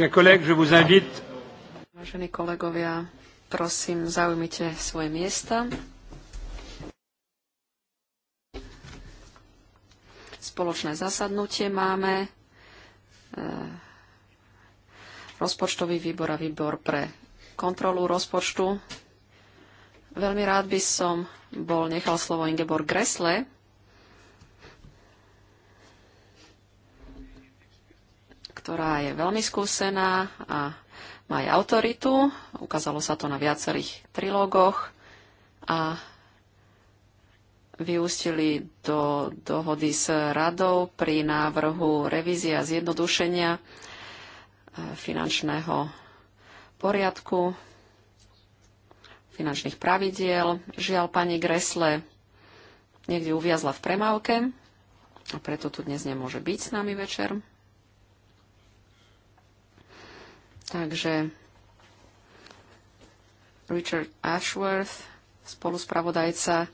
Vážení kolegovia, prosím, zaujmite svoje miesta. Spoločné zasadnutie máme. E, rozpočtový výbor a výbor pre kontrolu rozpočtu. Veľmi rád by som bol nechal slovo Ingeborg Gresle, ktorá je veľmi skúsená a má aj autoritu. Ukázalo sa to na viacerých trilógoch a vyústili do dohody s radou pri návrhu revízia zjednodušenia e, finančného poriadku, finančných pravidiel. Žiaľ, pani Gresle niekde uviazla v premávke a preto tu dnes nemôže byť s nami večer. Takže Richard Ashworth, spoluspravodajca,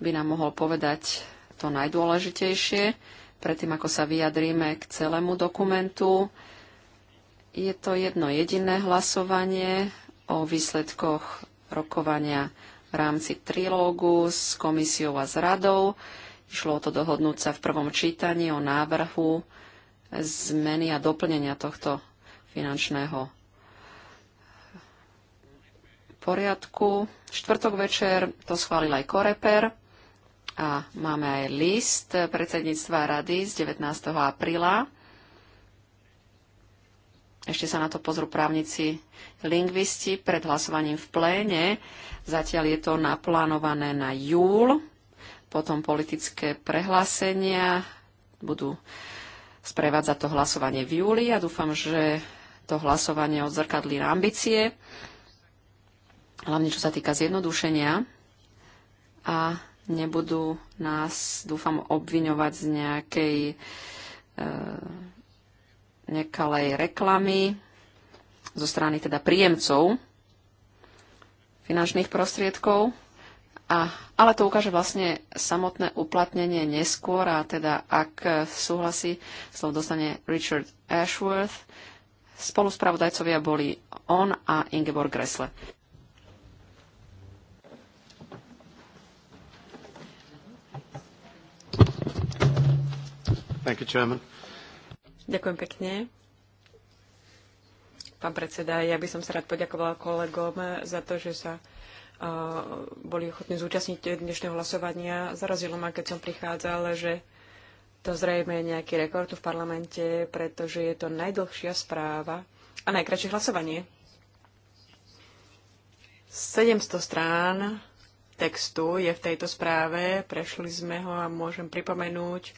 by nám mohol povedať to najdôležitejšie, predtým ako sa vyjadríme k celému dokumentu. Je to jedno jediné hlasovanie o výsledkoch rokovania v rámci trilógu s komisiou a s radou. Išlo o to dohodnúť sa v prvom čítaní o návrhu zmeny a doplnenia tohto finančného poriadku. Štvrtok večer to schválil aj Koreper a máme aj list predsedníctva rady z 19. apríla. Ešte sa na to pozrú právnici lingvisti pred hlasovaním v pléne. Zatiaľ je to naplánované na júl. Potom politické prehlásenia budú sprevádzať to hlasovanie v júli a dúfam, že to hlasovanie odzrkadlí na ambície, hlavne čo sa týka zjednodušenia a nebudú nás, dúfam, obviňovať z nejakej e, nekalej reklamy zo strany teda príjemcov finančných prostriedkov. A, ale to ukáže vlastne samotné uplatnenie neskôr a teda ak súhlasí, slovo dostane Richard Ashworth, Spoluspravodajcovia boli on a Ingeborg Gressle. Thank you, Chairman. Ďakujem pekne. Pán predseda, ja by som sa rád poďakovala kolegom za to, že sa uh, boli ochotní zúčastniť dnešného hlasovania. Zarazilo ma, keď som prichádzal, že to zrejme je nejaký rekord v parlamente, pretože je to najdlhšia správa a najkračšie hlasovanie. 700 strán textu je v tejto správe, prešli sme ho a môžem pripomenúť,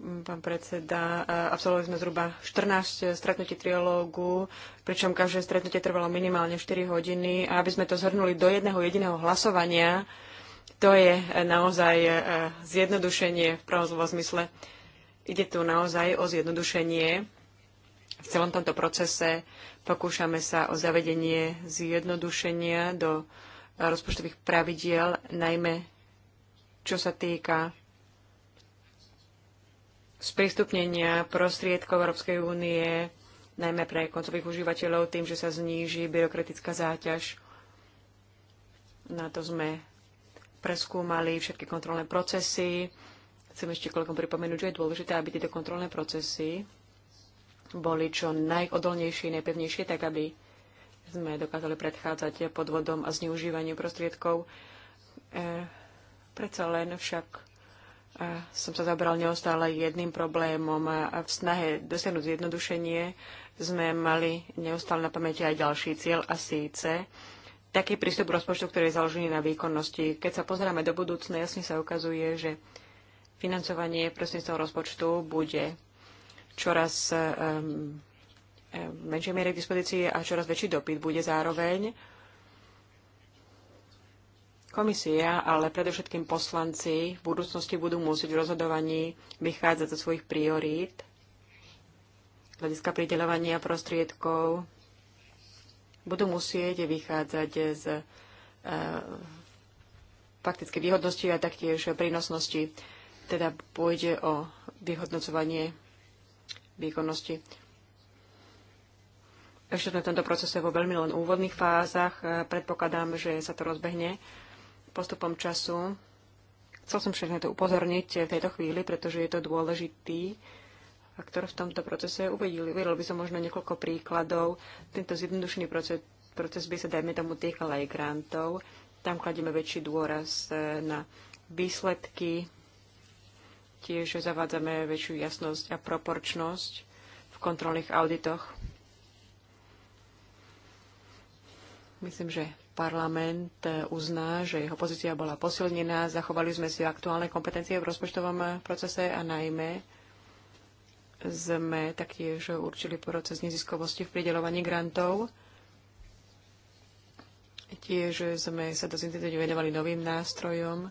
mm, pán predseda, absolvovali sme zhruba 14 stretnutí triológu, pričom každé stretnutie trvalo minimálne 4 hodiny a aby sme to zhrnuli do jedného jediného hlasovania, to je eh, naozaj eh, eh, zjednodušenie v pravom slova zmysle. Ide tu naozaj o zjednodušenie v celom tomto procese. Pokúšame sa o zavedenie zjednodušenia do rozpočtových pravidiel, najmä čo sa týka sprístupnenia prostriedkov Európskej únie, najmä pre koncových užívateľov, tým, že sa zníži byrokratická záťaž. Na to sme preskúmali všetky kontrolné procesy. Chcem ešte kolegom pripomenúť, že je dôležité, aby tieto kontrolné procesy boli čo najodolnejšie, najpevnejšie, tak aby sme dokázali predchádzať podvodom a zneužívaniu prostriedkov. E, predsa len však e, som sa zabral neustále jedným problémom a v snahe dosiahnuť zjednodušenie sme mali neustále na pamäti aj ďalší cieľ a síce taký prístup rozpočtu, ktorý je založený na výkonnosti. Keď sa pozeráme do budúcna, jasne sa ukazuje, že financovanie prostredníctvom rozpočtu bude čoraz um, menšej miery k dispozícii a čoraz väčší dopyt bude zároveň. Komisia, ale predovšetkým poslanci v budúcnosti budú musieť v rozhodovaní vychádzať zo svojich priorít, hľadiska prideľovania prostriedkov, budú musieť vychádzať z eh, faktické výhodnosti a taktiež prínosnosti. Teda pôjde o vyhodnocovanie výkonnosti. Ešte sme v tomto procese vo veľmi len úvodných fázach. Eh, predpokladám, že sa to rozbehne postupom času. Chcel som všetko to upozorniť v tejto chvíli, pretože je to dôležitý faktor v tomto procese uvedili. Uvedel by som možno niekoľko príkladov. Tento zjednodušený proces, proces by sa, dajme tomu, týkal aj grantov. Tam kladieme väčší dôraz e, na výsledky, tiež zavádzame väčšiu jasnosť a proporčnosť v kontrolných auditoch. Myslím, že parlament e, uzná, že jeho pozícia bola posilnená, zachovali sme si aktuálne kompetencie v rozpočtovom procese a najmä sme taktiež určili proces neziskovosti v pridelovaní grantov. Tiež sme sa dosť intenzívne venovali novým nástrojom,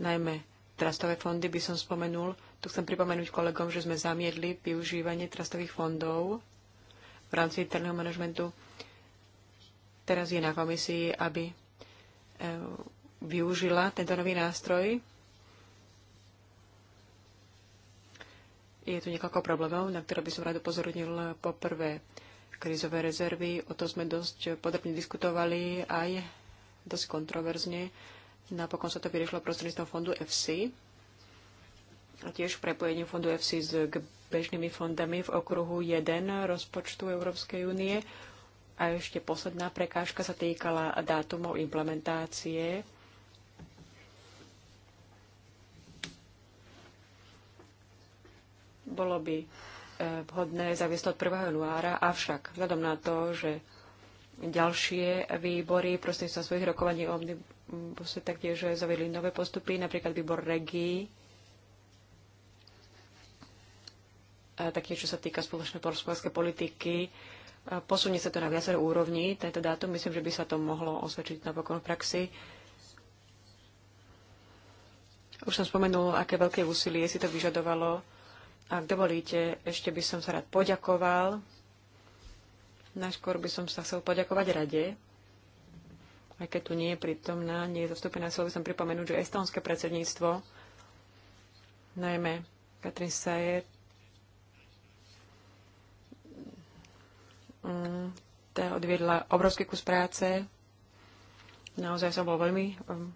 najmä trastové fondy by som spomenul. Tu chcem pripomenúť kolegom, že sme zamiedli využívanie trastových fondov v rámci interného manažmentu. Teraz je na komisii, aby eh, využila tento nový nástroj Je tu niekoľko problémov, na ktoré by som rád upozornil. Po prvé, krizové rezervy, o to sme dosť podrobne diskutovali aj dosť kontroverzne. Napokon sa to vyriešilo prostredníctvom fondu FC a tiež prepojením fondu FC s bežnými fondami v okruhu 1 rozpočtu Európskej únie. A ešte posledná prekážka sa týkala dátumov implementácie Bolo by e, vhodné zaviesť od 1. januára, avšak vzhľadom na to, že ďalšie výbory prostredníctvom svojich rokovaní o omnibuse taktiež zaviedli nové postupy, napríklad výbor regí, taktiež čo sa týka spoločnej porozpovedskej politiky, posunie sa to na viacero úrovni tento dátum, myslím, že by sa to mohlo osvedčiť napokon v praxi. Už som spomenul, aké veľké úsilie si to vyžadovalo ak dovolíte, ešte by som sa rád poďakoval. Najskôr by som sa chcel poďakovať rade, aj keď tu nie je prítomná, nie je zastúpená, chcel by som pripomenúť, že estonské predsedníctvo, najmä Katrin Sajer, mm, tá odviedla obrovský kus práce. Naozaj som bol veľmi mm,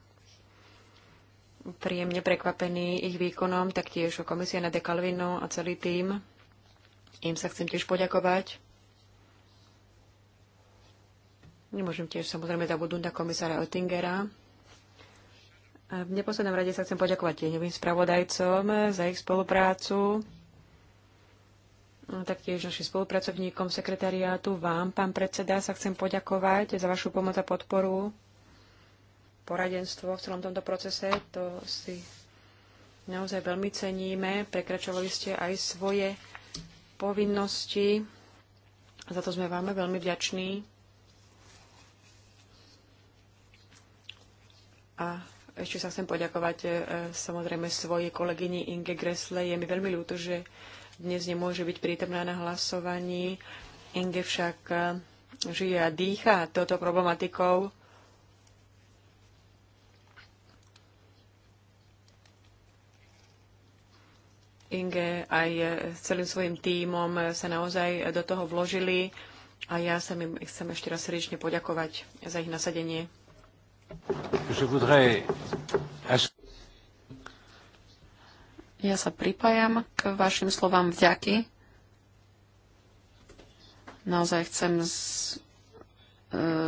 príjemne prekvapení ich výkonom, taktiež komisie na De a celý tým. Im sa chcem tiež poďakovať. Nemôžem tiež samozrejme zabudnúť na komisára Oettingera. A v neposlednom rade sa chcem poďakovať tieňovým spravodajcom za ich spoluprácu. A taktiež našim spolupracovníkom sekretariátu, vám, pán predseda, sa chcem poďakovať za vašu pomoc a podporu poradenstvo v celom tomto procese. To si naozaj veľmi ceníme. Prekračovali ste aj svoje povinnosti. Za to sme vám veľmi vďační. A ešte sa chcem poďakovať e, samozrejme svojej kolegyni Inge Gressle. Je mi veľmi ľúto, že dnes nemôže byť prítomná na hlasovaní. Inge však e, žije a dýcha touto problematikou Inge aj s celým svojim tímom sa naozaj do toho vložili a ja sa im chcem ešte raz srdečne poďakovať za ich nasadenie. Ja sa pripájam k vašim slovám vďaky. Naozaj chcem e,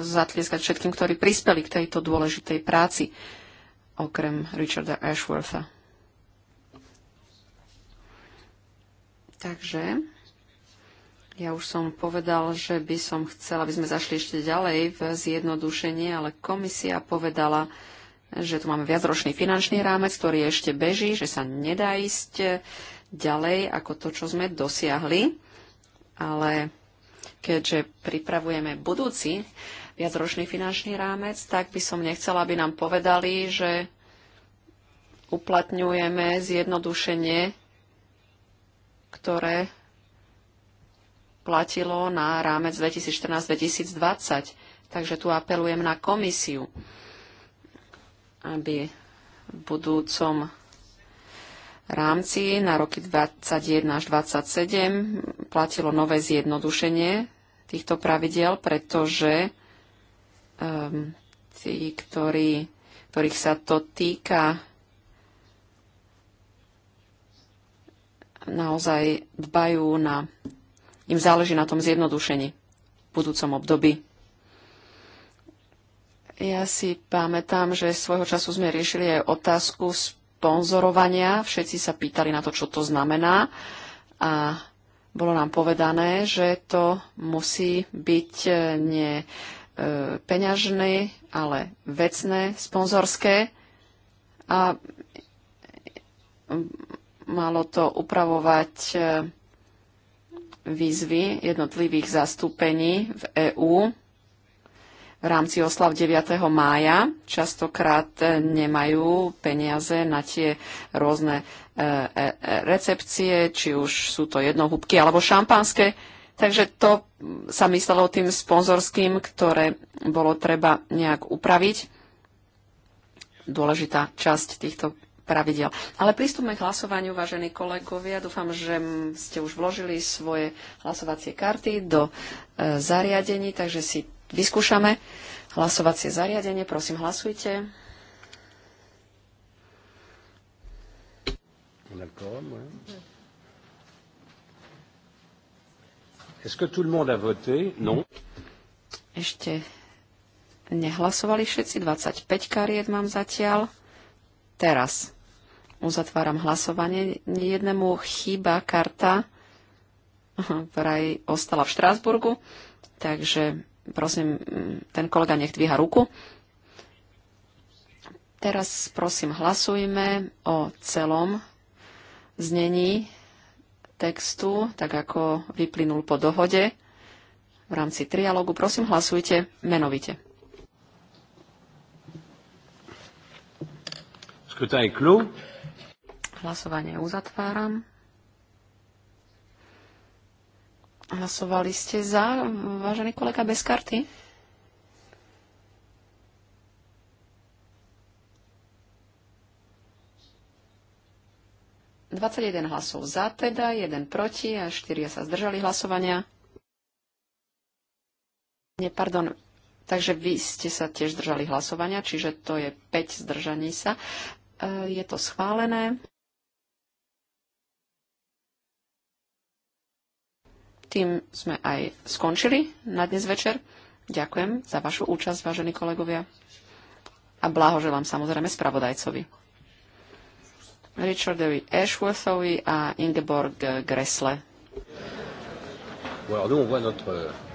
zatlieskať všetkým, ktorí prispeli k tejto dôležitej práci, okrem Richarda Ashwortha. Takže ja už som povedal, že by som chcela, aby sme zašli ešte ďalej v zjednodušenie, ale komisia povedala, že tu máme viacročný finančný rámec, ktorý ešte beží, že sa nedá ísť ďalej ako to, čo sme dosiahli. Ale keďže pripravujeme budúci viacročný finančný rámec, tak by som nechcela, aby nám povedali, že uplatňujeme zjednodušenie ktoré platilo na rámec 2014-2020. Takže tu apelujem na komisiu, aby v budúcom rámci na roky 2021 až 2027 platilo nové zjednodušenie týchto pravidel, pretože um, tí, ktorí, ktorých sa to týka, naozaj dbajú na... Im záleží na tom zjednodušení v budúcom období. Ja si pamätám, že svojho času sme riešili aj otázku sponzorovania. Všetci sa pýtali na to, čo to znamená. A bolo nám povedané, že to musí byť e, nie e, peňažné, ale vecné, sponzorské. A Malo to upravovať e, výzvy jednotlivých zastúpení v EÚ v rámci oslav 9. mája. Častokrát e, nemajú peniaze na tie rôzne e, recepcie, či už sú to jednohúbky alebo šampanské. Takže to sa myslelo tým sponzorským, ktoré bolo treba nejak upraviť. Dôležitá časť týchto pravidel. Ale prístupme k hlasovaniu, vážení kolegovia. Dúfam, že ste už vložili svoje hlasovacie karty do e, zariadení, takže si vyskúšame hlasovacie zariadenie. Prosím, hlasujte. Est-ce que tout le monde a voté Non. Ešte nehlasovali všetci, 25 kariet mám zatiaľ teraz. Uzatváram hlasovanie. Jednému chýba karta, vraj ostala v Štrásburgu, takže prosím, ten kolega nech dvíha ruku. Teraz prosím hlasujme o celom znení textu, tak ako vyplynul po dohode v rámci trialógu. Prosím, hlasujte menovite. Hlasovanie uzatváram. Hlasovali ste za, vážený kolega, bez karty? Dvadsať jeden hlasov za teda, jeden proti a štyria sa zdržali hlasovania. Nie, pardon. Takže vy ste sa tiež zdržali hlasovania, čiže to je 5 zdržaní sa je to schválené. Tým sme aj skončili na dnes večer. Ďakujem za vašu účasť, vážení kolegovia. A blahoželám samozrejme spravodajcovi. Richardovi Ashworthovi a Ingeborg Gressle. Well, nous, on voit notre, euh,